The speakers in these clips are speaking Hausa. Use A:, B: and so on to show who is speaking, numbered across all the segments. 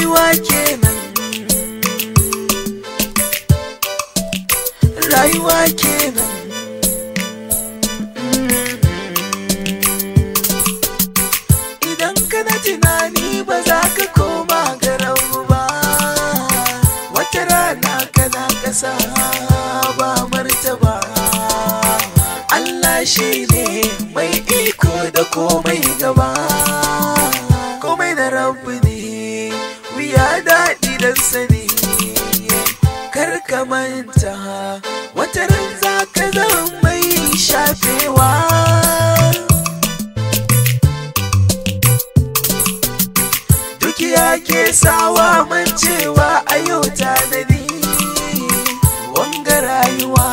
A: rayuwa kenan rayuwa kenan idan ka na tunani ba za ka koma garau ba wata rana ka na kasa ba martaba Allah shi ne mai iko da komai gaba dan sani kar ka manta wata ran za ka zama mai shafewa dukiya ke sawa mancewa a yau ta nani wanga rayuwa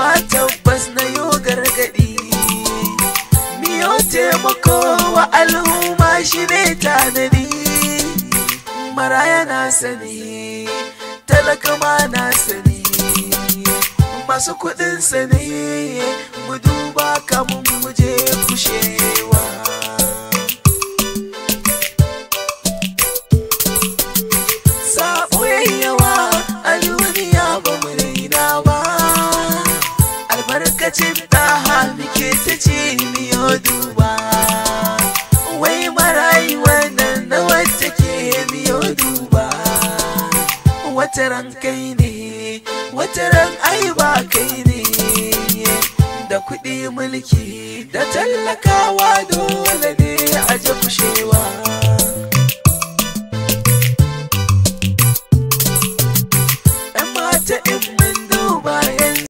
A: ba tabbas na yau gargadi miyo taimako wa al'umma shi ne tanani maraya na sani talakama na sani masu kudin sani mu duba kamun muje kushewa sabo yawa a duniya ba ba albarkacin daha Halike ta ce miyo wataran kai ne wataran ai ba kai ne da kuɗi mulki da tallakawa dole ne a ji